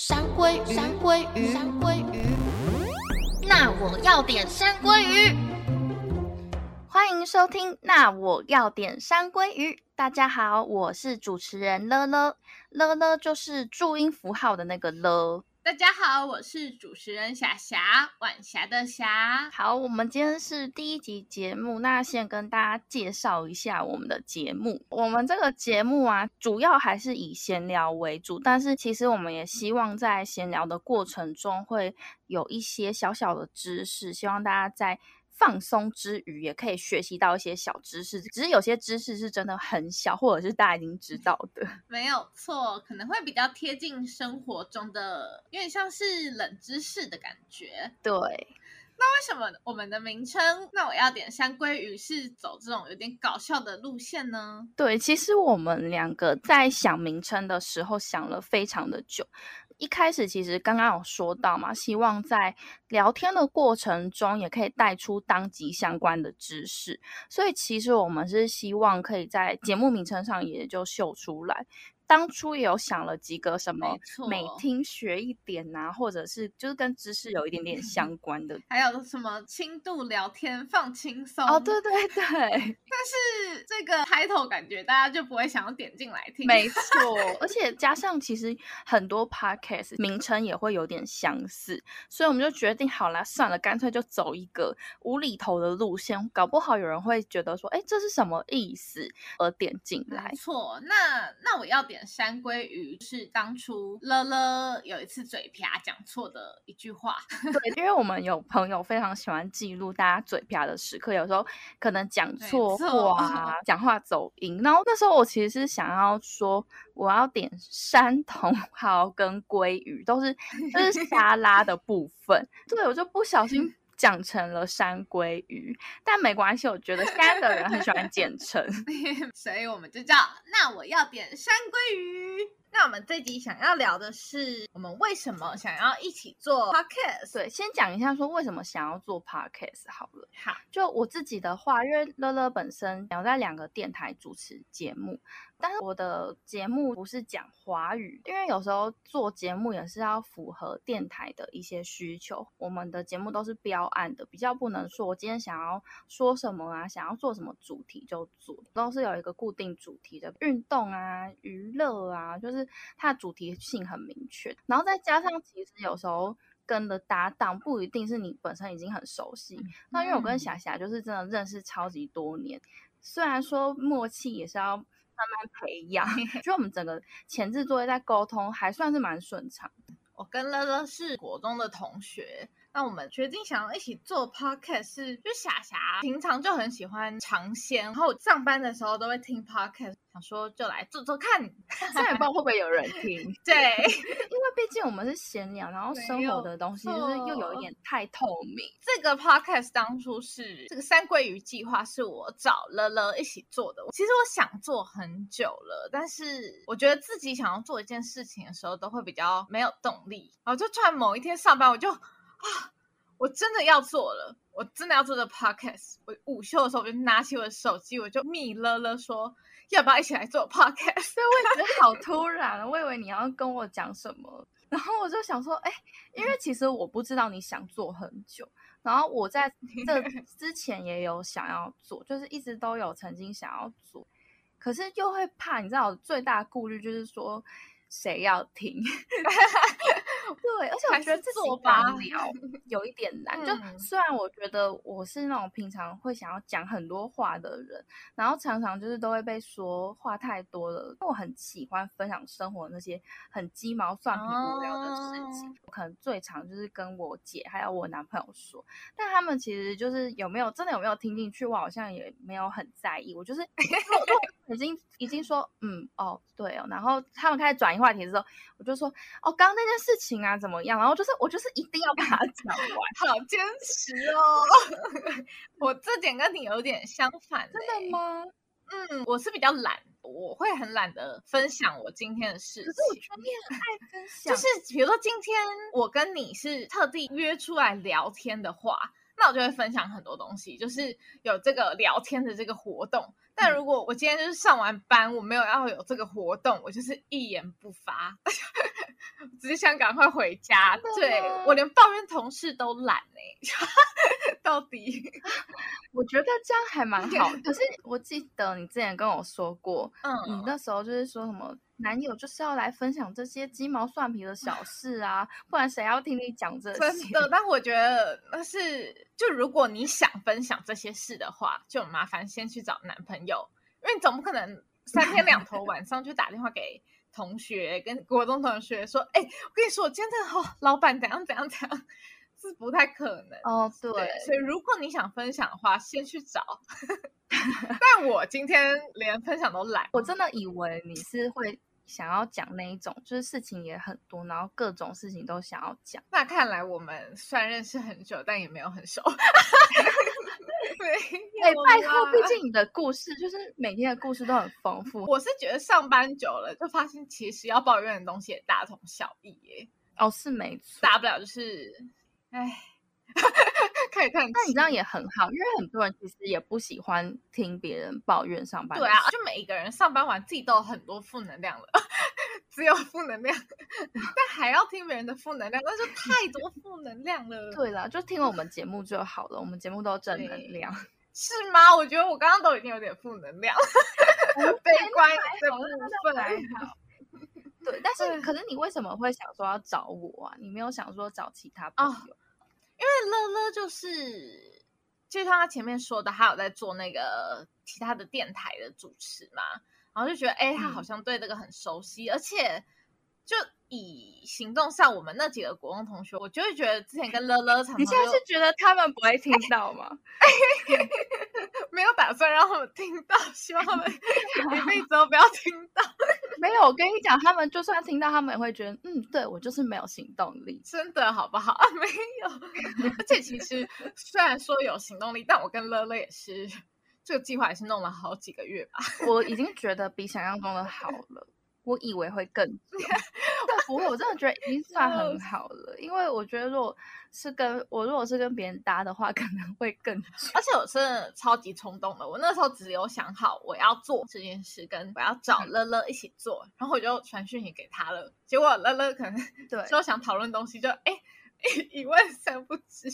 山鮭魚，山鮭魚，山鮭魚。那我要點山鮭魚。歡迎收聽，那我要點山鮭魚。大家好，我是主持人樂樂，樂樂就是注音符號的那個樂。大家好，我是主持人霞霞，晚霞的霞。好，我們今天是第一集節目，那先跟大家介紹一下我們的節目。我們這個節目啊，主要還是以閒聊為主，但是其實我們也希望在閒聊的過程中會有一些小小的知識，希望大家在放鬆之餘也可以學習到一些小知識，只是有些知識是真的很小，或者是大家已經知道的。沒有錯，可能會比較貼近生活中的，有點像是冷知識的感覺。對，那為什麼我們的名稱？那我要點山鮭魚是走這種有點搞笑的路線呢？對，其實我們兩個在想名稱的時候想了非常的久。一開始其實剛剛有說到嘛，希望在聊天的過程中也可以帶出當集相關的知識，所以其實我們是希望可以在節目名稱上也就秀出來。當初也有想了幾個什麼，每聽學一點啊，沒錯，或者是就是跟知識有一點點相關的，嗯、還有什麼輕度聊天放輕鬆。哦，對對對。 但是這個 title 感覺大家就不會想要點進來聽，沒錯。 而且加上其實很多 podcast 名稱也會有點相似，所以我們就決定好了，算了，乾脆就走一個無厘頭的路線，搞不好有人會覺得說，哎，這是什麼意思，而點進來。沒錯，那那我要點。山鮭魚是當初樂樂有一次嘴瓢講錯的一句話。對，因為我們有朋友非常喜歡記錄大家嘴瓢的時刻，有時候可能講錯話啊，講話走音。然後那時候我其實是想要說，我要點山茼蒿跟鮭魚，都是就是沙拉的部分。 對我就不小心。講成了山鮭魚，但沒關係，我覺得現在的人很喜歡簡稱， 所以我們就叫，那我要點山鮭魚。那我們這集想要聊的是，我們為什麼想要一起做 podcast？所以先講一下，說為什麼想要做 podcast 好了。好，就我自己的話，因為樂樂本身想要在兩個電台主持節目。但是我的節目不是講華語，因為有時候做節目也是要符合電台的一些需求。我們的節目都是標案的，比較不能說我今天想要說什麼啊，想要做什麼主題就做，都是有一個固定主題的，運動啊、娛樂啊,就是它的主題性很明確。然後再加上，其實有時候跟的搭檔不一定是你本身已經很熟悉。那因為我跟霞霞就是真的認識超級多年，嗯、雖然說默契也是要。慢慢培養，所以我們整個前置作業在溝通還算是蠻順暢的。我跟樂樂是國中的同學，那我們決定想要一起做 Podcast，是就霞霞平常就很喜歡嘗鮮，然後上班的時候都會聽 Podcast。想說就來做做看，雖然也不知道會不會有人聽。 對，因為畢竟我們是閒聊，然後生活的東西就是又有一點太透明。這個 podcast 當初是這個山鮭魚計劃，是我找樂樂一起做的。其實我想做很久了，但是我覺得自己想要做一件事情的時候，都會比較沒有動力。然後就突然某一天上班，我就啊，我真的要做了，我真的要做這個 podcast。我午休的時候，我就拿起我的手機，我就密樂樂說，要不要一起來做 Podcast？所以我覺得好突然， 我以為你要跟我講什麼，然後我就想說，哎，因為其實我不知道你想做很久，然後我在這之前也有想要做，就是一直都有曾經想要做，可是又會怕，你知道，我最大的顧慮就是說，誰要聽？ 對，而且我覺得這個我發聊有一點難。 嗯、就雖然我覺得我是那種平常會想要講很多話的人，然後常常就是都會被說話太多了。因為我很喜歡分享生活那些很雞毛蒜皮無聊的事情，哦、我可能最常就是跟我姐還有我男朋友說。但他們其實就是有沒有真的有沒有聽進去，我好像也沒有很在意。我就是。 已經已經說嗯哦對哦，然後他們開始轉移話題的時候，我就說哦，剛剛那件事情啊怎麼樣？然後就是我就是一定要把它講完， 好堅持哦。 我這點跟你有點相反欸，真的嗎？嗯，我是比較懶，我會很懶得分享我今天的事情。可是我覺得你很愛分享， 就是比如說今天我跟你是特地約出來聊天的話，那我就會分享很多東西，就是有這個聊天的這個活動。那如果我今天就是上完班，我沒有要有這個活動，我就是一言不發，呵呵，我只是想趕快回家。對，我連抱怨同事都懶哎、欸，到底，我覺得這樣還蠻好。 可是我記得你之前跟我說過，嗯，你那時候就是說什麼男友就是要來分享這些雞毛蒜皮的小事啊，不然誰要聽你講這些。真的，但我覺得那是就如果你想分享這些事的話，就麻煩先去找男朋友。有，因為你總不可能三天兩頭晚上就打電話給同學跟國中同學說，哎、欸，我跟你說，我今天真的好，老闆怎樣怎樣怎樣，是不太可能哦。Oh, 對，對，所以如果你想分享的話，先去找。 但我今天連分享都懶，我真的以為你是會。想要講那一種，就是事情也很多，然後各種事情都想要講。那看來我們雖然認識很久，但也沒有很熟。對， 哎、欸，拜託，畢竟你的故事就是每天的故事都很豐富。我是覺得上班久了，就發現其實要抱怨的東西也大同小異耶、欸。哦，是沒錯，大不了就是，哎。可以 看，一看，但你這樣也很好，因為很多人其實也不喜歡聽別人抱怨上班。對啊，就每一個人上班完自己都有很多負能量了，只有負能量，但還要聽別人的負能量，那就太多負能量了。 對啦，就聽我們節目就好了，我們節目都正能量，是嗎？我覺得我剛剛都已經有點負能量，okay, 悲觀的部分、啊、還好。那個、 對，但是對可是你為什麼會想說要找我啊？你沒有想說找其他朋友？Oh. 因為樂樂就是，就像他前面說的，他有在做那個其他的電台的主持嘛，然後就覺得，哎，他好像對這個很熟悉，嗯、而且就以行動上，我們那幾個國文同學，我就會覺得之前跟樂樂，你現在是覺得他們不會聽到嗎？誒 沒有打算讓他們聽到，希望他們一輩子都不要聽到。 沒有，我跟你講，他們就算聽到，他們也會覺得，嗯，對，我就是沒有行動力，真的好不好？啊，沒有， 而且其實雖然說有行動力，但我跟樂樂也是這個計劃也是弄了好幾個月吧。我已經覺得比想象中的好了。 我以為會更， 但不會，我真的覺得已經算很好了。 因為我覺得，如果是跟我，如果是跟別人搭的話，可能會更。而且我真的超級衝動的，我那時候只有想好我要做這件事，跟我要找樂樂一起做，然後我就傳訊息給他了。結果樂樂可能對，就想討論東西，就哎，一問三不知。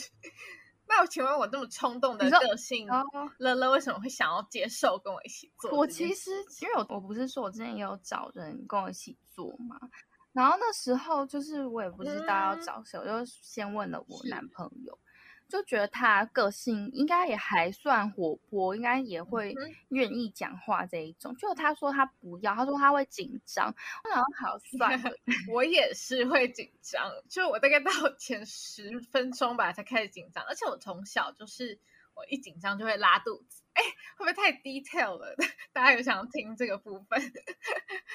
沒有，請問，我這麼衝動的個性，樂樂為什麼會想要接受跟我一起做？我其實因為我我不是說我之前也有找人跟我一起做嘛，然後那時候就是我也不知道要找誰，嗯，我就先問了我男朋友。就覺得他個性應該也還算活潑，應該也會願意講話這一種。就、嗯、哼他說他不要，他說他會緊張，我想說好算了。 我也是會緊張，就我大概到前十分鐘吧才開始緊張，而且我從小就是。我一緊張就會拉肚子，哎、欸，會不會太 detail 了？大家有想要聽這個部分？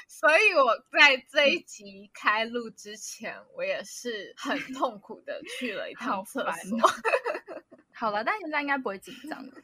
所以我在這一集開錄之前，我也是很痛苦的去了一趟廁所。 好了煩，但現在應該不會緊張。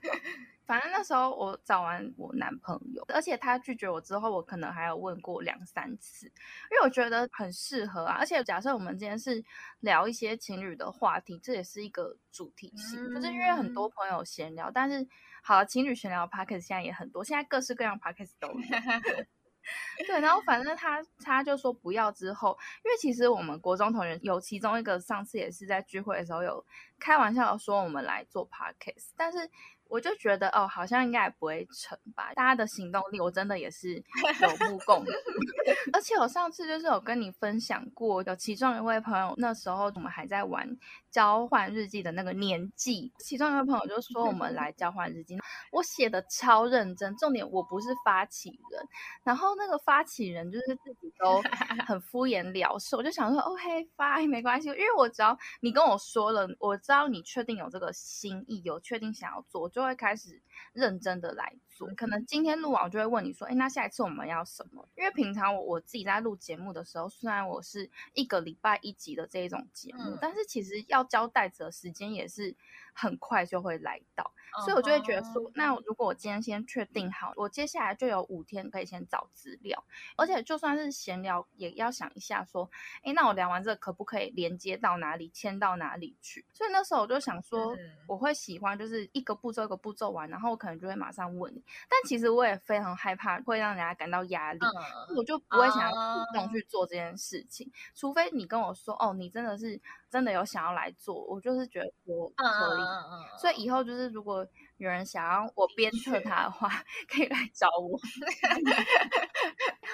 反正那時候我找完我男朋友，而且他拒絕我之後，我可能還有問過兩三次，因為我覺得很適合啊。而且假設我們今天是聊一些情侶的話題，這也是一個主題性，嗯、就是因為很多朋友閒聊。但是，好了，情侶閒聊 podcast 現在也很多，現在各式各樣 podcast 都有。 對，然後反正他他就說不要之後，因為其實我們國中同學有其中一個上次也是在聚會的時候有開玩笑說我們來做 podcast，但是。我就覺得哦，好像應該也不會成吧。大家的行動力，我真的也是有目共睹。 而且我上次就是有跟你分享過，有其中一位朋友那時候我們還在玩。交換日記的那個年紀，其中一個朋友就說：“我們來交換日記。” 我寫的超認真，重點我不是發起人，然後那個發起人就是自己都很敷衍了事。我 就想說：“OK，fine，哦 hey，沒關係。”因為我只要你跟我說了，我知道你確定有這個心意，有確定想要做，我就會開始。認真的來做，可能今天錄完我就會問你說，哎、嗯欸，那下一次我們要什麼？因為平常我我自己在錄節目的時候，雖然我是一個禮拜一集的這一種節目，嗯、但是其實要交代的時間也是。很快就會來到，所以我就會覺得說，uh huh. 那如果我今天先確定好，我接下來就有五天可以先找資料，而且就算是閒聊，也要想一下說，誒、欸，那我聊完這個可不可以連接到哪裡，簽到哪裡去？所以那時候我就想說，uh huh. 我會喜歡就是一個步驟一個步驟完，然後我可能就會馬上問你。但其實我也非常害怕會讓人家感到壓力，uh huh. 我就不會想要主動去做這件事情，uh huh. 除非你跟我說，哦，你真的是。真的有想要來做，我就是覺得我可以，所以以後就是如果有人想要我鞭策他的話，可以來找我。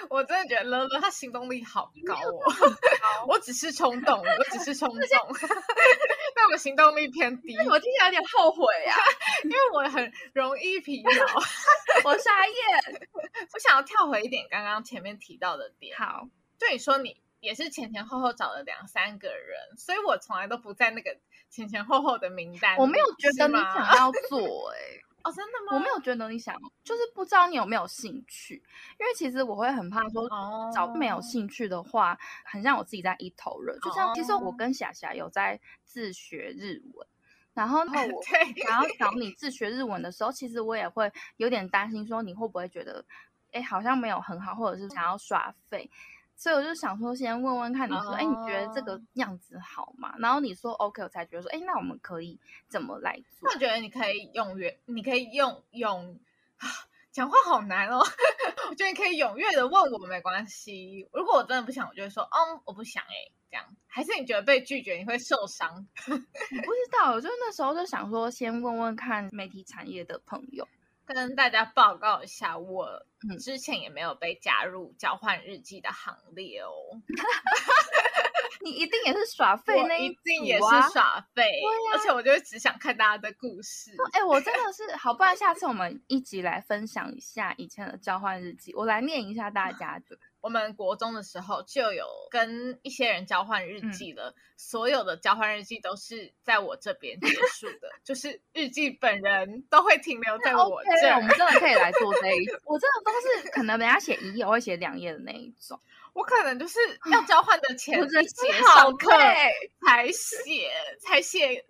我真的覺得樂樂他行動力好高哦，我只是衝動，我只是衝動，但我們行動力偏低。我聽起來有點後悔啊，因為我很容易疲勞。我是阿燕，我想要跳回一點剛剛前面提到的點。好，就你說你，也是前前後後找了兩三個人，所以我從來都不在那個前前後後的名單。我沒有覺得你想要做哎、欸， 哦，真的嗎？我沒有覺得你想，就是不知道你有沒有興趣。因為其實我會很怕說、oh. 找沒有興趣的話，很像我自己在一頭熱。Oh. 就像其實我跟霞霞有在自學日文，oh. 然後然我然後找你自學日文的時候， 對其實我也會有點擔心，說你會不會覺得，哎，好像沒有很好，或者是想要耍廢。所以我就想說，先問問看你說，哎、uh oh. 欸，你覺得這個樣子好嗎？然後你說 OK，我才覺得說，哎、欸，那我們可以怎麼來做？我覺得你可以踴躍，你可以用用。啊、講話好難哦。 我覺得你可以踴躍的問我們，沒關係。如果我真的不想，我就會說，哦，我不想哎、欸。這樣還是你覺得被拒絕你會受傷？我 不知道，我就那時候就想說，先問問看媒體產業的朋友。跟大家報告一下，我之前也沒有被加入交換日記的行列哦。 你一定也是耍廢、啊，那一定也是耍廢，啊、而且我就只想看大家的故事。哎、嗯欸，我真的是，好，不然下次我們一起來分享一下以前的交換日記。我來念一下大家的。嗯我們國中的時候就有跟一些人交換日記了，嗯、所有的交換日記都是在我這邊結束的， 就是日記本人都會停留在我這。 Okay, 對我們真的可以來做這一， 我這種都是可能人家寫一頁我會寫兩頁的那一種，我可能就是要交換的前 我真的，好快才寫才寫，才寫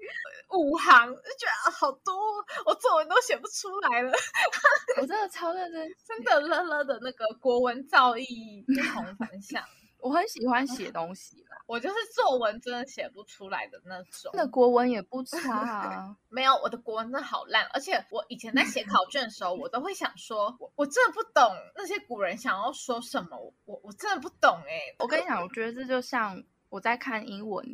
五行就覺得好多，我作文都寫不出來了， 我真的超認真，真的樂樂的那個國文造詣。不同方向， 我很喜歡寫東西啦。我就是作文真的寫不出來的那種。那國文也不差啊？ 沒有，我的國文真的好爛。而且我以前在寫考卷的時候， 我都會想說，我我真的不懂那些古人想要說什麼。我我真的不懂誒、欸，我跟你講，我覺得這就像我在看英文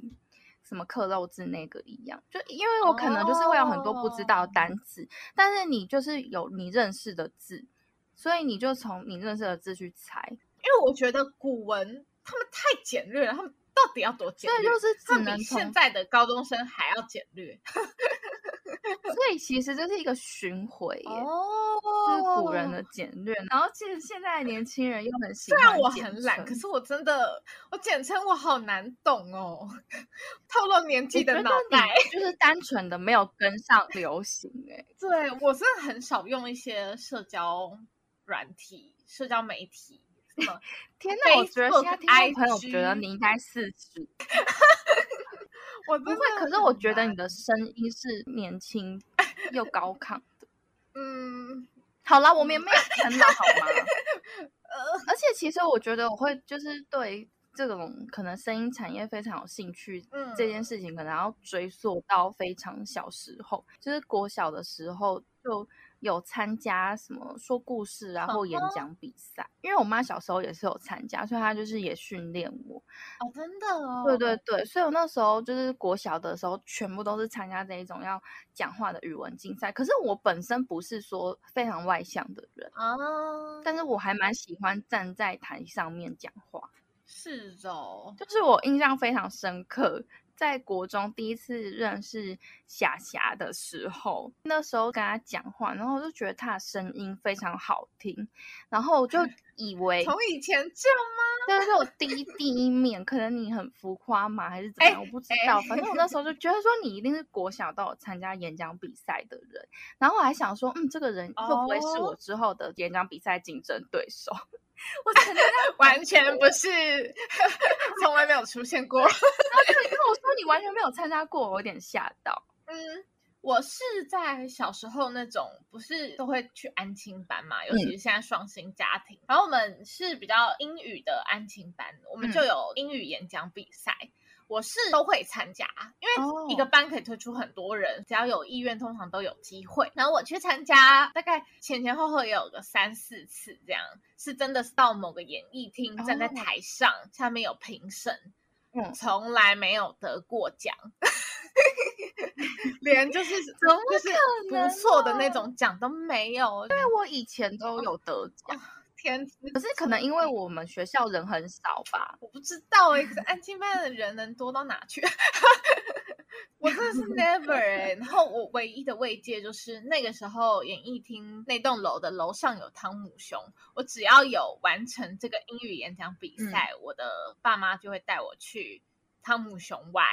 什麼克漏字那個一樣，就因為我可能就是會有很多不知道的單詞，哦、但是你就是有你認識的字，所以你就從你認識的字去猜。因為我覺得古文他們太簡略了，他們到底要多簡略？對，就是他比現在的高中生還要簡略。 所以其實這是一個巡回哦，oh, 就是古人的簡略。Oh. 然後其實現在的年輕人又很喜歡簡稱。雖然我很懶，可是我真的我簡稱我好難懂哦， 透露年紀的腦袋就是單純的 沒有跟上流行哎。對我是很少用一些社交軟體、社交媒體。天吶，天哪我覺得現在聽眾朋友覺得你應該四十， 我不會。可是我覺得你的聲音是年輕又高亢的。嗯，好了，我們也沒有聽到好嗎？ 呃、而且其實我覺得我會就是對這種可能聲音產業非常有興趣。嗯，這件事情可能要追溯到非常小時候，就是國小的時候就。有參加什麼說故事然後演講比賽？Oh. 因為我媽小時候也是有參加，所以她就是也訓練我。哦，oh, 真的哦。對對對，所以我那時候就是國小的時候，全部都是參加這一種要講話的語文競賽。可是我本身不是說非常外向的人啊，oh. 但是我還蠻喜歡站在台上面講話。是哦的，就是我印象非常深刻，在國中第一次認識霞霞的時候，那時候跟他講話，然後我就覺得他的聲音非常好聽，然後我就以為從以前這樣嗎？就是我第一第一面， 可能你很浮誇嘛，還是怎樣？欸、我不知道，反正我那時候就覺得說你一定是國小都有參加演講比賽的人，然後我還想說，嗯，這個人會不會是我之後的演講比賽競爭對手？Oh. 我真的完全不是，從 來沒有出現過。 然後你跟我說你完全沒有參加過，我有點嚇到。嗯，我是在小時候那種不是都會去安親班嘛，尤其是現在雙薪家庭。嗯，然後我們是比較英語的安親班，我們就有英語演講比賽。嗯嗯我是都會參加，因為一個班可以推出很多人，oh. 只要有意願，通常都有機會。然後我去參加，大概前前後後也有個三四次這樣，是真的是到某個演藝廳，站在台上，oh. 下面有評審，oh. 從來沒有得過獎， 連就是怎麼可能啊？就是不錯的那種獎都沒有，因為我以前都有得獎。天，可是可能因為我們學校人很少吧，我不知道、欸、可是安親班的人能多到哪去？ 我真的是 never 哎、欸。然後我唯一的慰藉就是那個時候演藝廳那棟樓的樓上有湯姆熊，我只要有完成這個英語演講比賽，嗯、我的爸媽就會帶我去湯姆熊玩。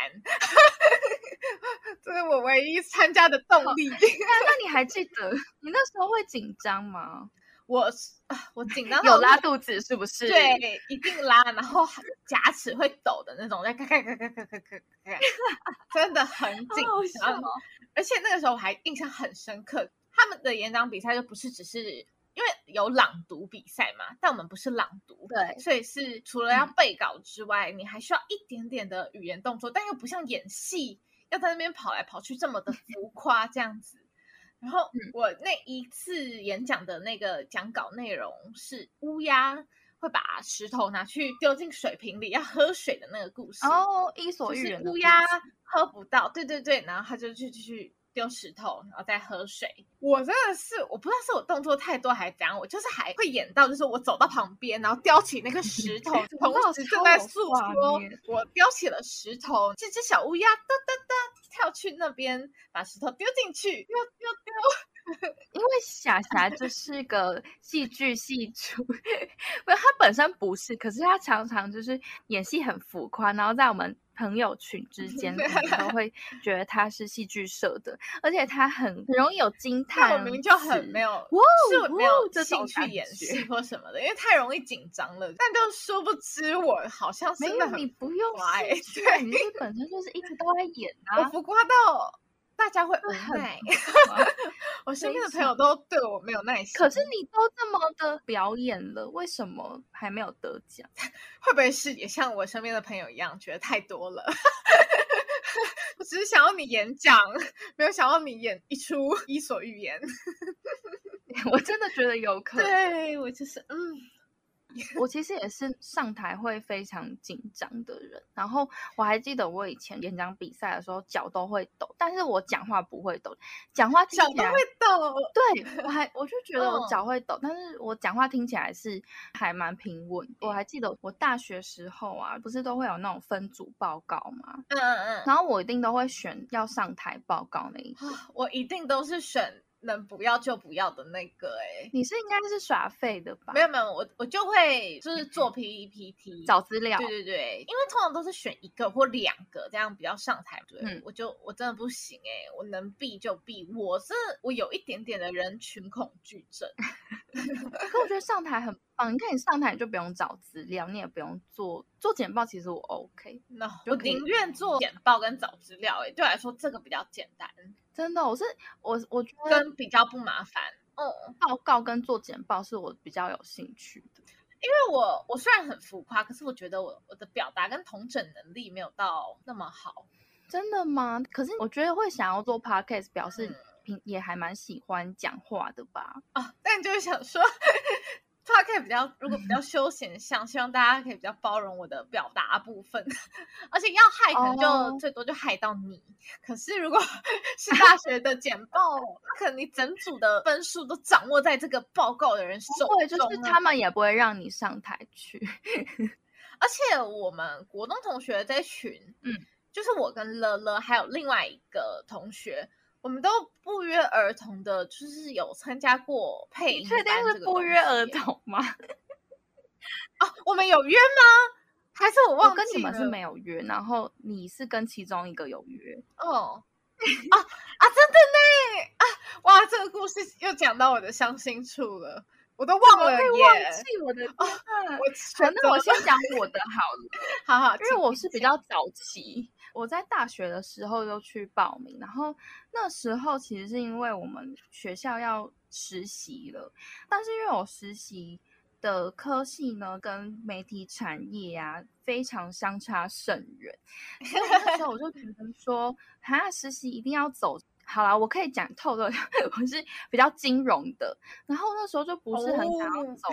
這 是我唯一參加的動力、哦。那你還記得 你那時候會緊張嗎？我我緊張我，有拉肚子是不是？對，一定拉，然後牙齒會抖的那種，再咔咔咔咔咔咔咔，真的很緊張，好好笑哦、而且那個時候我還印象很深刻，他們的演講比賽就不是只是因為有朗讀比賽嘛，但我們不是朗讀，對，所以是除了要背稿之外，嗯、你還需要一點點的語言動作，但又不像演戲要在那邊跑來跑去這麼的浮誇這樣子。然後我那一次演講的那個講稿內容是烏鴉會把石頭拿去丟進水瓶裡要喝水的那個故事哦，伊索寓言就是烏鴉喝不到，對對對，然後他就，就，就，就去去。丟石頭，然後再喝水。我真的是，我不知道是我動作太多還是怎樣，我就是還會演到，就是我走到旁邊，然後叼起那個石頭。彭老師正在訴說， 我叼起了石頭。這隻小烏鴉噔噔噔，跳去那邊，把石頭丟進去，丢丢丢。丟 因為霞霞就是個戲劇系主，不，他本身不是，可是他常常就是演戲很浮誇，然後在我們朋友群之間都會覺得他是戲劇社的， 而且他很容易有驚嘆，我明、明就很沒有，是、是沒有興趣演戲或什麼的，因為太容易緊張了。但都殊不知我好像是沒有。你不用戲劇對，你本身就是一直都在演啊，我浮誇到。大家會無奈， 我身邊的朋友都對我沒有耐心。可是你都這麼的表演了，為什麼還沒有得獎？會不會是也像我身邊的朋友一樣，覺得太多了？ 我只是想要你演講，沒有想要你演一出《伊索寓言。》 我真的覺得有可能，對我就是嗯。 我其實也是上台會非常緊張的人，然後我還記得我以前演講比賽的時候腳都會抖，但是我講話不會抖，講話聽起來腳都會抖。對，我還 我就覺得我腳會抖，但是我講話聽起來是還蠻平穩。嗯、我還記得我大學時候啊，不是都會有那種分組報告嘛，嗯嗯嗯，然後我一定都會選要上台報告那一，我一定都是選。能不要就不要的那個、欸，哎，你是應該是耍廢的吧？沒有沒有，我我就會就是做 PPT 找資料，對對對，因為通常都是選一個或兩個，這樣比較上台。對，嗯、我就我真的不行。欸，哎，我能避就避，我是我有一點點的人群恐懼症， 可我覺得上台很。啊、你看你上台就不用找資料，你也不用做做簡報。其實我 OK，那 No, 我寧願做簡報跟找資料，哎，對我來說這個比較簡單。真的，我是我我覺得比較不麻煩。嗯，報告跟做簡報是我比較有興趣的，嗯、因為我我雖然很浮誇，可是我覺得我我的表達跟統整能力沒有到那麼好。真的嗎？可是我覺得會想要做 podcast，表示你也還蠻喜歡講話的吧？啊、嗯哦，但你就是想說。 p 可以比較，如果比較休閒像希望大家可以比較包容我的表達部分，而且要害可能就最多就害到你。Oh. 可是如果是大學的簡報，oh. 可能你整組的分數都掌握在這個報告的人手中，對，就是他們也不會讓你上台去。 而且我們國中同學這群，嗯，就是我跟樂樂還有另外一個同學。我們都不約而同的，就是有參加過配音班。你確定是不約而同嗎？ 哦，我們有約嗎？還是我忘記了？我跟你們是沒有約，然後你是跟其中一個有約。哦， 啊啊，真的呢！啊，哇，這個故事又講到我的傷心處了，我都忘了。會忘記我的、啊、哦，我，反正我先講我的好了， 好好，因為我是比較早期。我在大學的時候就去報名，然後那時候其實是因為我們學校要實習了，但是因為我實習的科系呢，跟媒體產業啊非常相差甚遠，所以我那時候我就覺得說， 啊，實習一定要走好啦，我可以講透的， 我是比較金融的，然後那時候就不是很想要走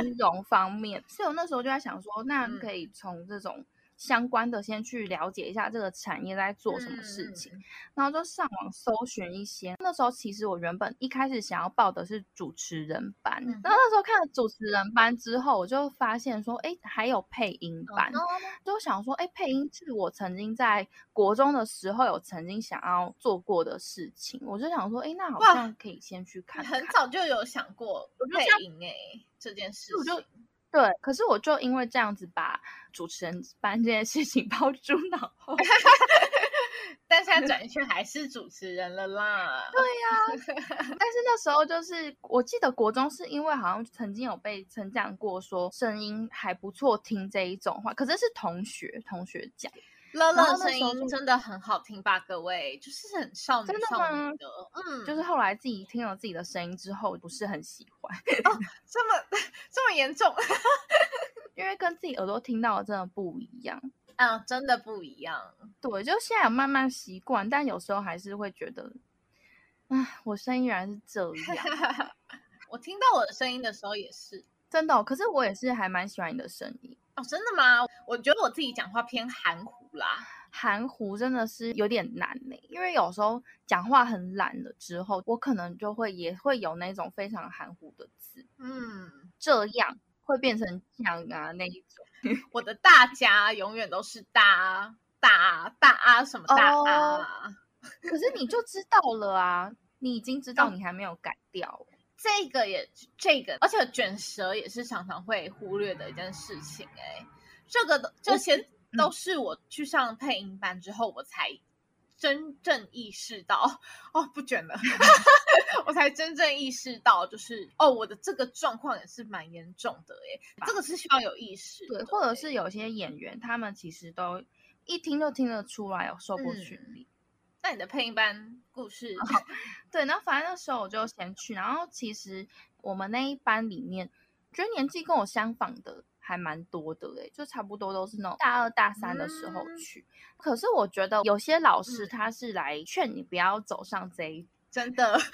金融方面，所以我那時候就在想說，那你可以從這種，相關的先去了解一下這個產業在做什麼事情，嗯、然後就上網搜尋一些。那時候其實我原本一開始想要報的是主持人班，嗯、然後那時候看了主持人班之後，我就發現說，哎、嗯，還有配音班，哦哦哦、就想說，哎，配音是我曾經在國中的時候有曾經想要做過的事情，我就想說，哎，那好像可以先去看看。很早就有想過配音誒、欸、這件事情。對，可是我就因為這樣子把主持人班這件事情拋諸腦後， 但現在轉一圈還是主持人了啦。 對呀、啊，但是那時候就是，我記得國中是因為好像曾經有被稱讚過，說聲音還不錯，聽這一種話，可是是同學同學講。樂樂的聲音真的很好聽吧，我各位，就是很少女少女的，的嗯，就是後來自己聽了自己的聲音之後，不是很喜歡哦，oh, 這麼這麼嚴重， 因為跟自己耳朵聽到的真的不一樣，啊，oh, 真的不一樣，對，就現在有慢慢習慣，但有時候還是會覺得，啊，我聲音仍然是這樣， 我聽到我的聲音的時候也是真的、哦，可是我也是還蠻喜歡你的聲音哦，oh, 真的嗎？我覺得我自己講話偏含糊。啦，含糊真的是有點難呢、欸，因為有時候講話很懶了之後，我可能就會也會有那種非常含糊的字，嗯，這樣會變成這樣啊，那一種， 我的大家永遠都是大大大啊什麼大啊，哦、 可是你就知道了啊，你已經知道你還沒有改掉、哦，這個也這個，而且卷舌也是常常會忽略的一件事情誒、欸，這個就先嗯、都是我去上配音班之後，我才真正意識到哦，不捲了。 我才真正意識到，就是哦，我的這個狀況也是蠻嚴重的耶。這個是需要有意識。對，對或者是有些演員，他們其實都一聽就聽得出來有受過訓練、嗯。那你的配音班故事， 對，然後反正那時候我就先去，然後其實我們那一班裡面，覺得年紀跟我相仿的。還蠻多的、欸、就差不多都是那種大二大三的時候去。嗯、可是我覺得有些老師他是來勸你不要走上這一，真的。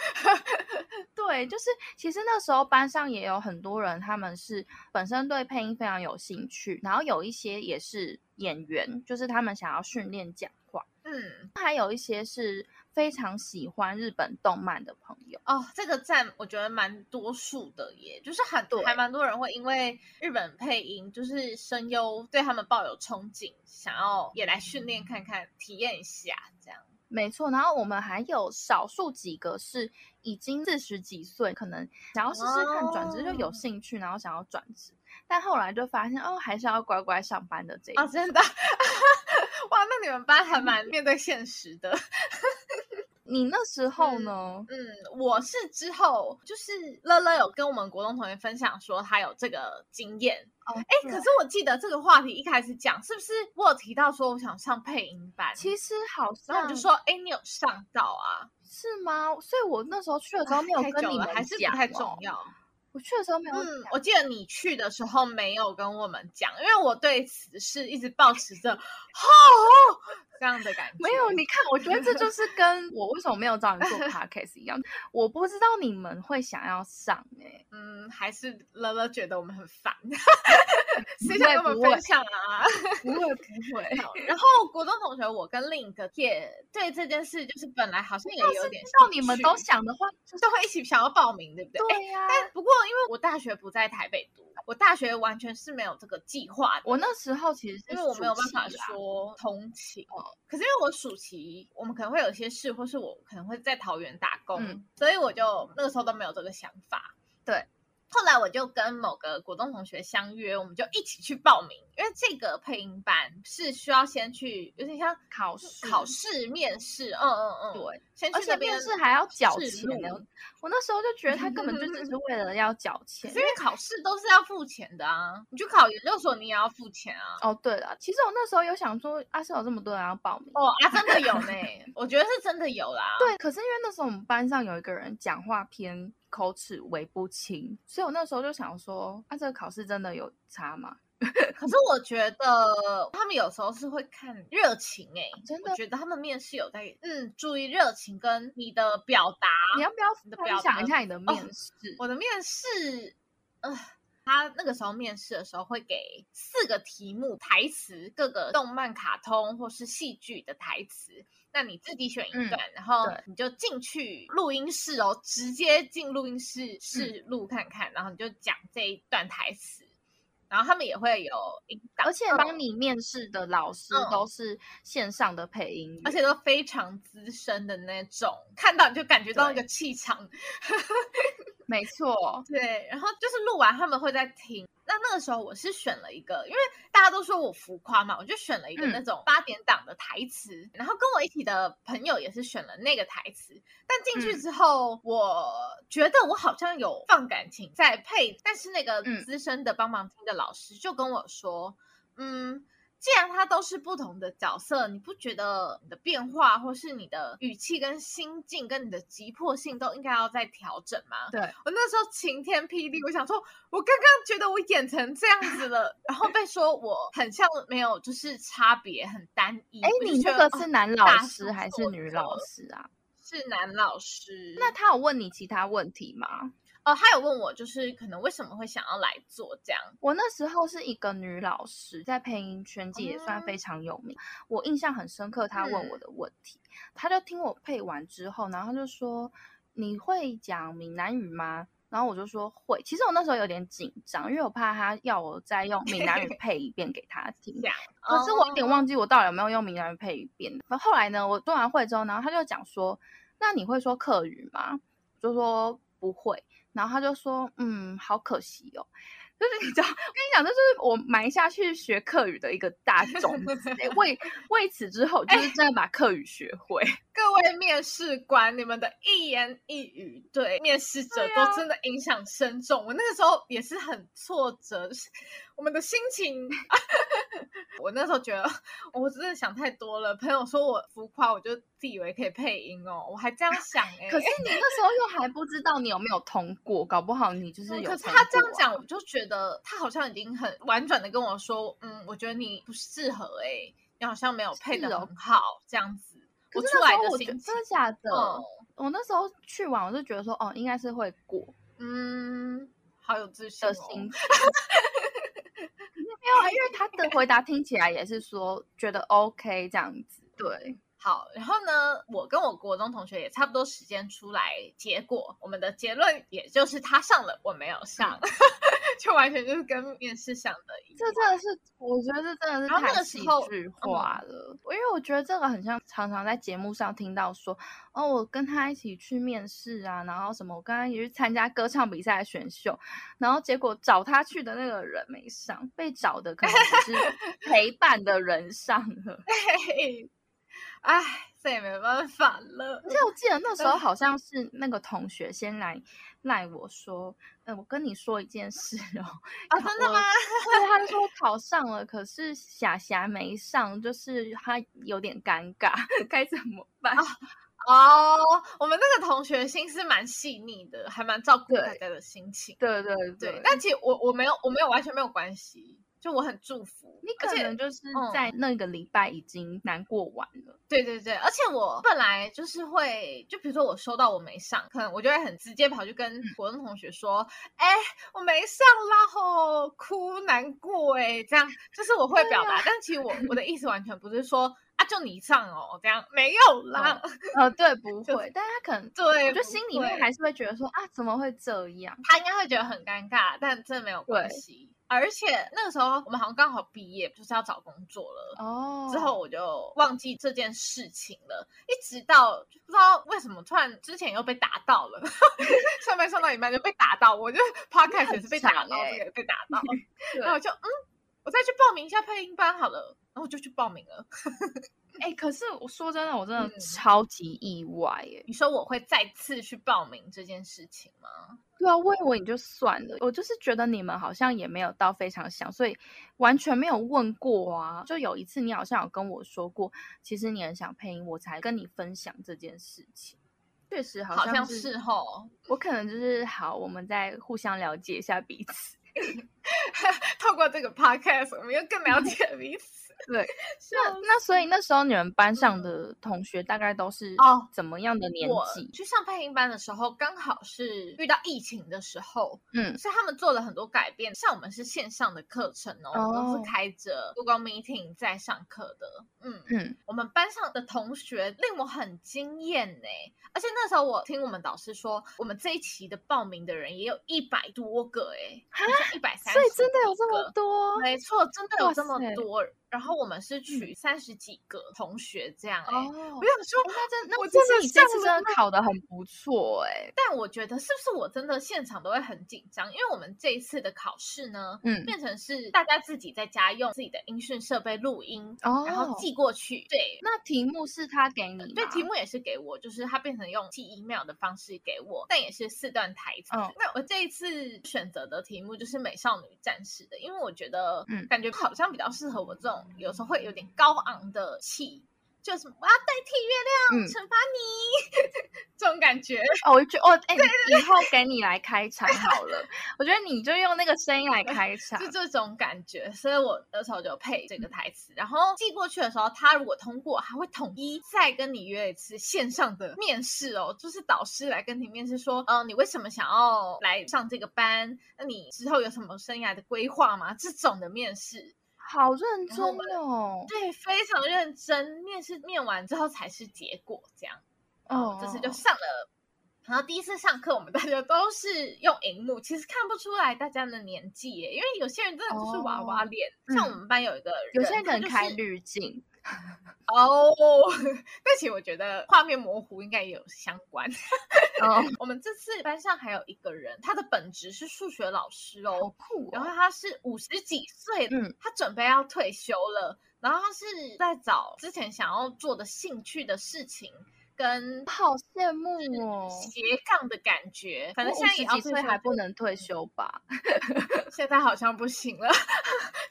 對，就是其實那時候班上也有很多人，他們是本身對配音非常有興趣，然後有一些也是演員，就是他們想要訓練講話。嗯，還有一些是。非常喜歡日本動漫的朋友哦，這個佔我覺得蠻多數的耶，就是很多對還蠻多人會因為日本配音就是聲優對他們抱有憧憬，想要也來訓練看看、嗯、體驗一下這樣。沒錯，然後我們還有少數幾個是已經四十幾歲，可能想要試試看轉職就有興趣，哦、然後想要轉職，但後來就發現哦，還是要乖乖上班的這樣、哦。真的？ 哇，那你們班還蠻面對現實的。 你那時候呢嗯？嗯，我是之後就是樂樂有跟我們國中同學分享說他有這個經驗哦。哎、oh, yeah. 欸，可是我記得這個話題一開始講是不是我有提到說我想上配音班？其實好像我就說，哎、欸，你有上到啊？是嗎？所以我那時候去的時候沒有、啊、還太跟你們講還是不太重要。我去的時候沒有。嗯，我記得你去的時候沒有跟我們講，因為我對此事一直抱持着“吼 這樣的感覺。沒有，你看，我覺得這就是跟我 為什麼沒有找你做 podcast 一樣。我不知道你們會想要上、欸，哎，嗯，還是樂樂覺得我們很煩。 誰想跟我們分享啊？不會不會。 不 然後國中同學，我跟另一個也對這件事，就是本來好像也有點像你們都想的話，就會一起想要報名，對不對？對呀、啊欸。但不過，因為我大學不在台北讀，我大學完全是沒有這個計劃。我那時候其實是因為我沒有辦法說通勤，哦、可是因為我暑期我們可能會有些事，或是我可能會在桃園打工，嗯、所以我就那個時候都沒有這個想法。對。後來我就跟某個國中同學相約，我們就一起去報名，因為這個配音班是需要先去，有點像考試、考試試面試，嗯嗯嗯，對，先去那邊而且面試還要繳錢路我那時候就覺得他根本就只是為了要繳錢， 因為考試都是要付錢的啊，你去考研究所你也要付錢啊。哦，對了，其實我那時候有想說，阿、啊、是有這麼多人要報名哦，啊，真的有呢、欸， 我覺得是真的有啦。對，可是因為那時候我們班上有一個人講話偏。口齒微不清，所以我那時候就想說，那、啊、這個考試真的有差嗎？ 可是我覺得他們有時候是會看熱情哎、欸啊，真的。我覺得他們面試有在嗯注意熱情跟你的表達。你要不要你的表達一下你的面試？的哦、我的面試，呃，他那個時候面試的時候會給四個題目台詞，各個動漫、卡通或是戲劇的台詞。那你自己選一段，嗯、然後你就進去錄音室哦，對直接進錄音室試錄看看，嗯、然後你就講這一段台詞，然後他們也會有引導，而且幫你面試的老師都是線上的配音，嗯、而且都非常資深的那種，看到你就感覺到那個氣場，對 沒錯，對，然後就是錄完，他們會再聽。那那個時候我是選了一個，因為大家都說我浮誇嘛，我就選了一個那種八點檔的台詞，嗯，然後跟我一起的朋友也是選了那個台詞，但進去之後，我覺得我好像有放感情在配，嗯，但是那個資深的幫忙聽的老師就跟我說，嗯。既然他都是不同的角色，你不覺得你的變化，或是你的語氣跟心境，跟你的急迫性，都應該要再調整嗎？對，我那時候晴天霹靂，我想說，我剛剛覺得我演成這樣子了， 然後被說我很像沒有，就是差別很單一。哎、欸，我就覺得，你這個是男老師還是女老師啊？是男老師。那他有問你其他問題嗎？呃、哦、他有問我，就是可能為什麼會想要來做這樣。我那時候是一個女老師，在配音圈界也算非常有名。嗯、我印象很深刻，他問我的問題，他、嗯、就聽我配完之後，然後她就說：“你會講閩南語嗎？”然後我就說：“會。”其實我那時候有點緊張，因為我怕他要我再用閩南語配一遍給他聽。 想可是我有點忘記我到底有沒有用閩南語配一遍。後,後來呢，我做完會之後，然後他就講說：“那你會說客語嗎？”我就說：“不會。”然後他就說：“嗯，好可惜哦，就是你知道，我跟你講，就是我埋下去學客語的一個大種子，為為 此之後，就是真的把客語學會。”各位面試官，對你們的一言一語對面試者都真的影響深重。啊、我那個時候也是很挫折，我們的心情。 我那時候覺得，我真的想太多了。朋友說我浮誇，我就自以為可以配音哦，我還這樣想誒、欸。可是你那時候又還不知道你有沒有通過，搞不好你就是有通過、啊嗯。可是他這樣講，我就覺得他好像已經很婉轉的跟我說，嗯，我覺得你不適合哎、欸，你好像沒有配得很好、哦、這樣子。我出來的那時候得，真的、哦、假的？我那時候去完，我就覺得說，哦，應該是會過。嗯，好有自信的、哦、心。 沒有啊，因為他的回答聽起來也是說覺得 OK 這樣子。對，好，然後呢，我跟我國中同學也差不多時間出來，結果我們的結論也就是他上了，我沒有上。 就完全就是跟面試想的一樣，這真的是，我覺得這真的是太戲劇化了。我因為我覺得這個很像常常在節目上聽到說，哦，我跟他一起去面試啊，然後什麼，我跟他一起去參加歌唱比賽的選秀，然後結果找他去的那個人沒上，被找的可能只是陪伴的人上了。 唉，這也沒辦法了。就我記得那時候好像是那個同學先來賴對我說、欸：“我跟你說一件事哦。了”啊，真的嗎？他就說考上了，可是霞霞沒上，就是他有點尷尬，該 怎麼辦？哦，哦哦我們那個同學心思蠻細膩的，還蠻照顧大家的心情。對，對對對，對。但其實我我沒有我沒有對我完全沒有關係。就我很祝福你，可能就是在那個禮拜已經難過完了。對對對，而且我本來就是會，就比如說我收到我沒上，可能我就會很直接跑去跟國中同學說：“哎，我沒上啦！”吼哭難過哎，這樣就是我會表達，但其實我我的意思完全不是說啊，就你上哦，這樣沒有啦。呃，對，不會，但他可能對我就心裡面還是會覺得說啊，怎麼會這樣？他應該會覺得很尷尬，但這沒有關係。而且那個時候我們好像剛好畢業，就是要找工作了。哦，oh. 之後我就忘記這件事情了，一直到不知道為什麼突然之前又被打到了， 上班上到一半就被打到， 我就 podcast 也是被打到被、欸、被打到， 對然後我就嗯，我再去報名一下配音班好了。然後就去報名了。哎、 欸，可是我說真的，我真的超級意外耶、嗯！你說我會再次去報名這件事情嗎？對啊，問我你就算了，我就是覺得你們好像也沒有到非常想，所以完全沒有問過啊。就有一次你好像有跟我說過，其實你很想配音，我才跟你分享這件事情。確實，好像是後，我可能就是好，我們再互相了解一下彼此。 透過這個 Podcast，我們又更了解彼此。 對，那是那所以那時候你們班上的同學大概都是哦怎麼樣的年紀？嗯嗯、我去上配音班的時候，剛好是遇到疫情的時候，嗯，所以他們做了很多改變，像我們是線上的課程哦，哦都是開着 Google Meeting 在上課的，嗯嗯。我們班上的同學令我很驚豔呢、欸，而且那時候我聽我們導師說，我們這一期的報名的人也有一百多個、欸，哎，好像一百三十，所以真的有這麼多？沒錯，真的有這麼多人。然後我們是取三十幾個同學這樣，欸，哦，我想說，那真，哦，那，那我真的是你這次真的考的很不錯，欸，哎，但我覺得是不是我真的現場都會很緊張？因為我們這一次的考試呢，嗯，變成是大家自己在家用自己的音訊設備錄音，哦，然後寄過去。對，那題目是他給你，對，題目也是給我，就是他變成用寄 email 的方式給我，但也是四段台詞。哦，那我這一次選擇的題目就是《美少女戰士》的，因為我覺得，嗯，感覺好像比較適合我這種。有時候會有點高昂的氣，就是我要代替月亮懲罰你、嗯、 這種感覺。哦、oh, oh, 欸，我就覺得哦，哎，以後給你來開場好了。 我覺得你就用那個聲音來開場，就這種感覺。所以我有時候就配這個台詞，嗯、然後寄過去的時候，他如果通過，還會統一再跟你約一次線上的面試哦，就是導師來跟你面試，說，嗯、呃，你為什麼想要來上這個班？那你之後有什麼生涯的規劃嗎？這種的面試。好認真哦！對，非常認真。面試面完之後才是結果，這樣。哦，這次就上了。然後第一次上課，我們大家都是用熒幕，其實看不出來大家的年紀耶，因為有些人真的就是娃娃臉，像我們班有一個人、oh. 嗯，有些人很開濾鏡。哦， oh, 但其實我覺得畫面模糊應該也有相關。哦，我們這次班上還有一個人，他的本職是數學老師哦，酷。Oh, cool. 然後他是五十幾歲，嗯，mm. 他準備要退休了，然後他是在找之前想要做的興趣的事情。跟他好羨慕哦，斜槓的感覺。反正現在其實還不能退休吧， 現在好像不行了，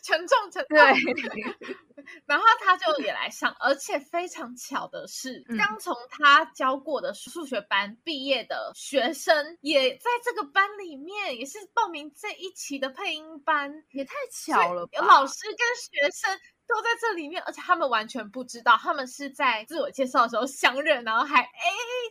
沉 重沉重。對 然後他就也來上， 而且非常巧的是，嗯、剛從他教過的數學班畢業的學生，也在這個班裡面，也是報名這一期的配音班，也太巧了吧，有老師跟學生。都在這裡面，而且他們完全不知道，他們是在自我介紹的時候相認，然後還哎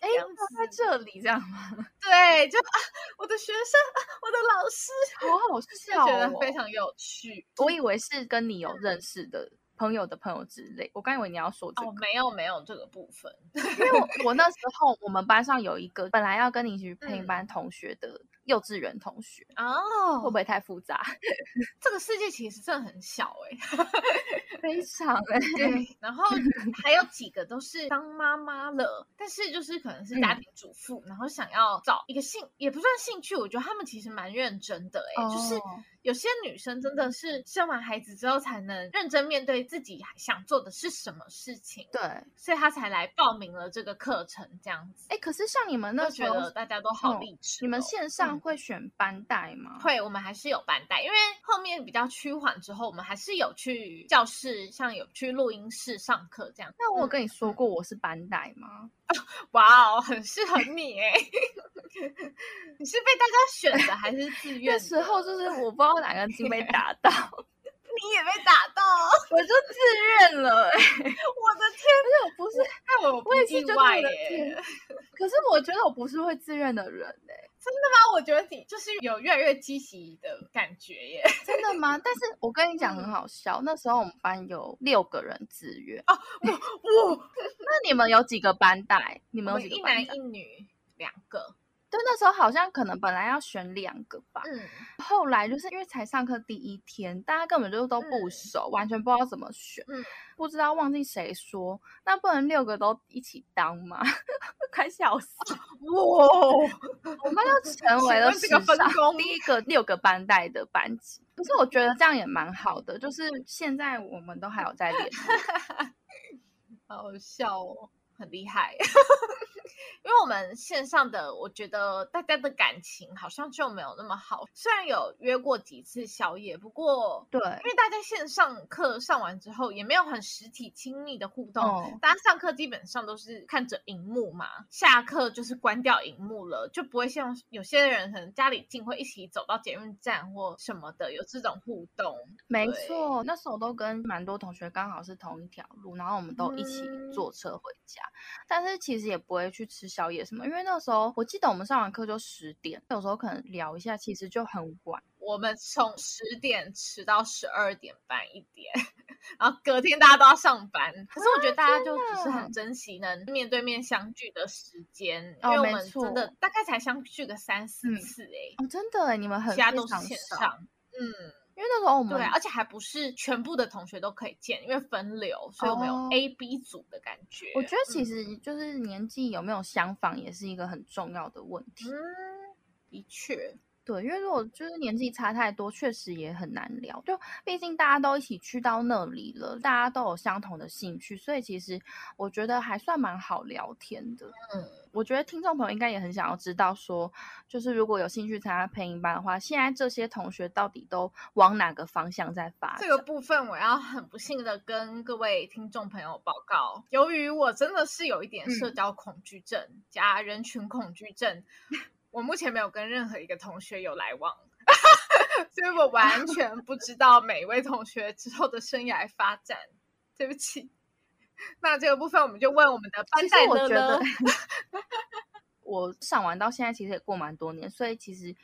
哎、欸欸，都在這裡這樣嗎？對，就啊，我的學生，我的老師，我我、哦、覺得非常有趣。對我以為是跟你有認識的朋友的朋友之類，我剛以為你要說這個哦、沒有沒有這個部分， 因為我我那時候我們班上有一個本來要跟你一起去配音班同學的、嗯。幼稚園同學哦，oh, 會不會太複雜？ 這個世界其實真的很小哎、欸， 非常哎、欸。對，然後還有幾個都是當媽媽了， 但是就是可能是家庭主婦，嗯、然後想要找一個興，也不算興趣，我覺得他們其實蠻認真的哎、欸，oh. 就是。有些女生真的是生完孩子之後才能認真面對自己想做的是什麼事情，對，所以她才來報名了這個課程，這樣子。哎，可是像你們那時候就覺得大家都好勵志、哦嗯，你們線上會選班代嗎？會、嗯，我們還是有班代，因為後面比較趨緩之後，我們還是有去教室，像有去錄音室上課這樣。那、嗯嗯、我有跟你說過我是班代嗎？哇哦，很適合你哎、欸！ 你是被大家選的還是自願的？ 那時候就是我不知道。我哪根筋被打到？ 你也被打到，我就自願了、欸。 我的天！可我不是，那我我，不我也是意外耶。可是我覺得我不是會自願的人哎、欸，真的嗎？我覺得你就是有越來越積極的感覺耶， 真的嗎？但是我跟你講很好笑，嗯、那時候我們班有六個人自願哦。哇，我 那你們有幾個班帶？你們，有幾個班帶？我們一男一女兩個。對，那時候好像可能本來要選兩個吧，嗯、後來就是因為才上課第一天，大家根本就都不熟，嗯、完全不知道怎麼選，嗯、不知道忘記誰說，那不能六個都一起當嗎？快笑死了時！哇 我們就成為了史上第一個六個班代的班級。嗯、可是我覺得這樣也蠻好的，就是現在我們都還有在練， 好笑哦，很厲害。 因為我們線上的，我覺得大家的感情好像就沒有那麼好。雖然有約過幾次宵夜，不過對，因為大家線上課上完之後，也沒有很實體親密的互動。大家、哦、上課基本上都是看着熒幕嘛，下課就是關掉熒幕了，就不會像有些人可能家裡近會一起走到捷運站或什麼的，有這種互動。沒錯，那時候都跟蠻多同學剛好是同一條路，然後我們都一起坐車回家，嗯、但是其實也不會。去吃宵夜什麼？因為那時候我記得我們上完課就十點，有時候可能聊一下，其實就很晚。我們從十點吃到十二點半一點，然後隔天大家都要上班。啊、可是我覺得大家就只是很珍惜能面對面相聚的時間，啊、因為我們真的、哦、大概才相聚個三四次哎，欸、嗯、哦，真的、欸，你們很其他都是線上，熟嗯。因為那時候我們對，哦、而且還不是全部的同學都可以見，嗯、因為分流，所以我們有 A、B 組的感覺。Oh, 嗯、我覺得其實就是年紀有沒有相仿，也是一個很重要的問題。嗯，的確。對，因為如果就是年紀差太多，確實也很難聊。就畢竟大家都一起去到那裡了，大家都有相同的興趣，所以其實我覺得還算蠻好聊天的。嗯，我覺得聽眾朋友應該也很想要知道說，說就是如果有興趣參加配音班的話，現在這些同學到底都往哪個方向在發展？這個部分我要很不幸的跟各位聽眾朋友報告，由於我真的是有一點社交恐懼症加人群恐懼症。嗯 我目前沒有跟任何一個同學有來往， 所以我完全不知道每一位同學之後的生涯發展。對不起，那這個部分我們就問我們的班代了。其實我覺得我上完到現在其實也過蠻多年，所以其實。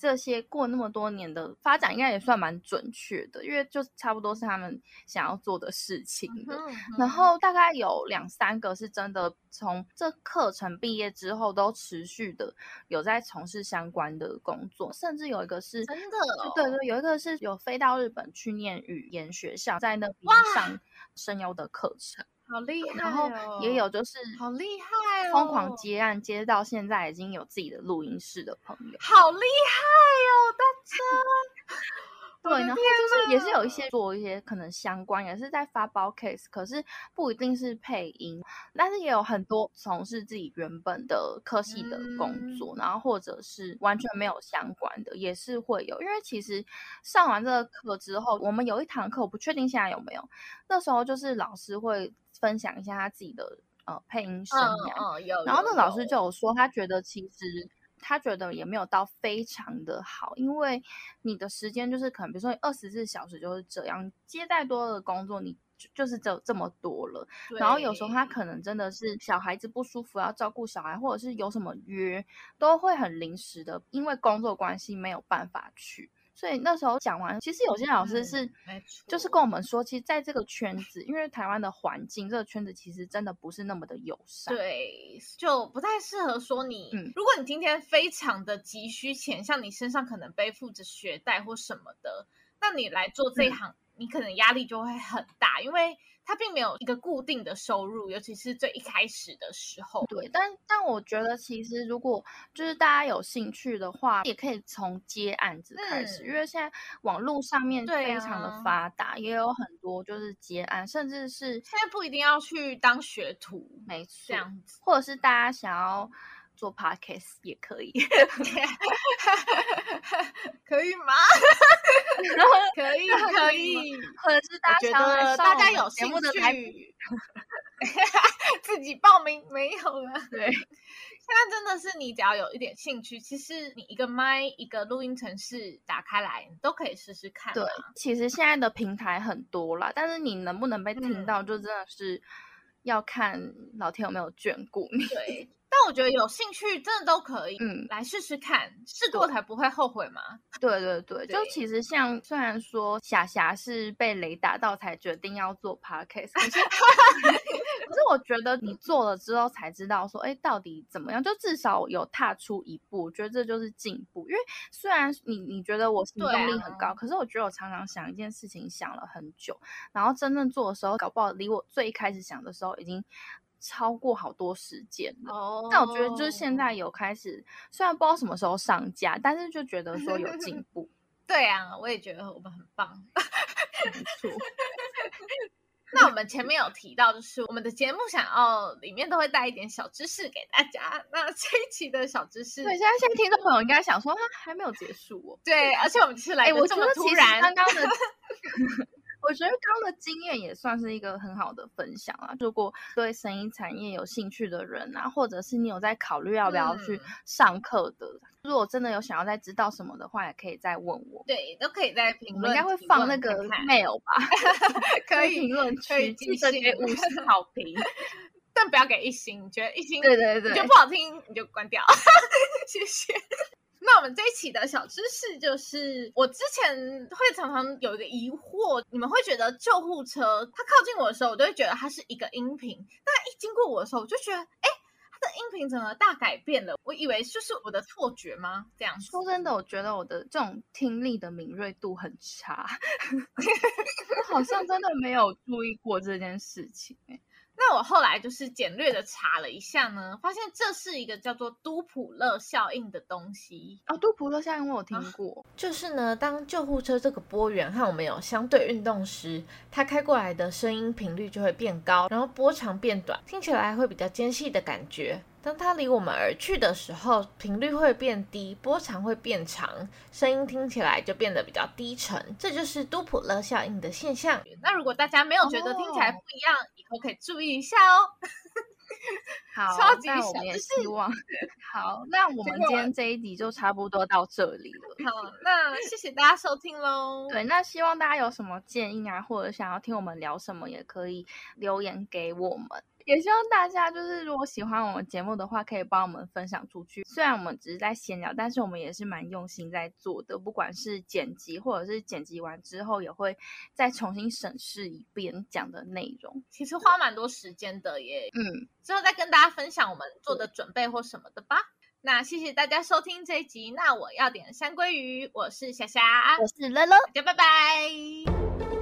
這些過那麼多年的發展，應該也算蠻準確的，因為就差不多是他們想要做的事情的，嗯嗯，然後大概有兩三個是真的從這課程畢業之後都持續的有在從事相關的工作，甚至有一個是真的、哦，對，對對，有一個是有飛到日本去念語言學校，在那邊上聲優的課程。好厲害、哦，然後也有就是好厲害瘋狂接案接到現在已經有自己的錄音室的朋友，好厲害哦，大家。 對，然後就是也是有一些做一些可能相關，也是在發包 case，可是不一定是配音，但是也有很多從事自己原本的科系的工作，嗯、然後或者是完全沒有相關的，也是會有。因為其實上完這個課之後，我們有一堂課，我不確定現在有沒有，那時候就是老師會。分享一下他自己的呃配音生涯，uh, uh, 有，然後那老師就有說，有，有。他覺得其實他覺得也沒有到非常的好，因為你的時間就是可能比如說二十四小時就是這樣，接再多的工作，你就是這、就是、這麼多了。對然後有時候他可能真的是小孩子不舒服要照顧小孩，或者是有什麼約，都會很臨時的，因為工作關係沒有辦法去。所以那時候講完，其實有些老師是，嗯、沒錯。就是跟我們說，其實在這個圈子，因為台灣的環境，這個圈子其實真的不是那麼的友善，對，就不太適合說你。嗯、如果你今天非常的急需錢，像你身上可能背負着學貸或什麼的，那你來做這一行，嗯、你可能壓力就會很大，因為。他並沒有一個固定的收入，尤其是最一開始的時候。對，但但我覺得其實如果就是大家有興趣的話，也可以從接案子開始，嗯、因為現在網絡上面非常的發達，啊、也有很多就是接案，甚至是現在不一定要去當學徒，沒錯，這樣子，或者是大家想要，做 Podcast 也可以，可以嗎？然後 可以可以，或者是大家覺得大家有興趣， 自己報名沒有了。對，現在真的是你只要有一點興趣，其實你一個麥一個錄音程式打開來，你都可以試試看，啊。對，其實現在的平台很多啦，但是你能不能被聽到，就真的是要看老天有沒有眷顧你。對、嗯。 但我覺得有興趣真的都可以，嗯，來試試看，試過才不會後悔嘛。對對對，對，就其實像、嗯、雖然說霞霞是被雷打到才決定要做 Podcast，可， 可是我覺得你做了之後才知道說，哎，到底怎麼樣？就至少有踏出一步，我覺得這就是進步。因為雖然你你覺得我行動力很高，啊、可是我覺得我常常想一件事情想了很久，然後真正做的時候，搞不好離我最一開始想的時候已經。超過好多時間了，但、oh, 我覺得就是現在有開始，雖然不知道什麼時候上架，但是就覺得說有進步。 對啊，我也覺得我們很棒。很不錯。那我們前面有提到，就是我們的節目想要裡面都會帶一點小知識給大家。那這一期的小知識，對，現在現在聽眾朋友應該想說，它還沒有結束哦。 對，而且我們是來得這麼突然，欸、剛剛的。 我覺得剛剛的經驗也算是一個很好的分享啊。如果對聲音產業有興趣的人啊，或者是你有在考慮要不要去上課的，如果真的有想要再知道什麼的話，也可以再問我。對，都可以在評論，我們應該會放論那個 mail 吧。看看 可以評論，可以記得給五星好評， 但不要給一星，你覺得一星對對對，就不好聽，你就關掉。 謝謝。那我們這一期的小知識就是，我之前會常常有一個疑惑，你們會覺得救護車它靠近我的時候，我就會覺得它是一個音頻，但一經過我的時候，我就覺得，哎，它的音頻怎麼大改變了？我以為就是我的錯覺嗎？這樣說真的，我覺得我的這種聽力的敏銳度很差， 我好像真的沒有注意過這件事情，欸。那我後來就是簡略的查了一下呢，發現這是一個叫做都卜勒效應的東西哦。都卜勒效應我有聽過，啊、就是呢，當救護車這個波源和我們有相對運動時，它開過來的聲音頻率就會變高，然後波長變短，聽起來會比較尖細的感覺。當它離我們而去的時候，頻率會變低，波長會變長，聲音聽起來就變得比較低沉。這就是都卜勒效應的現象。那如果大家沒有覺得聽起來不一樣，哦 OK，注意一下哦。 好，超級那我們也希望。的 好，那我們今天這一集就差不多到這裡了。 好，那謝謝大家收聽嘍。對，那希望大家有什麼建議啊，或者想要聽我們聊什麼，也可以留言給我們。也希望大家就是，如果喜歡我們節目的話，可以幫我們分享出去。雖然我們只是在閒聊，但是我們也是蠻用心在做的，不管是剪輯，或者是剪輯完之後，也會再重新審視一遍講的內容。其實花蠻多時間的耶。對嗯，之後再跟大家分享我們做的準備或什麼的吧。對那謝謝大家收聽這一集。那我要點山鮭魚，我是霞霞，我是樂樂，大家拜拜。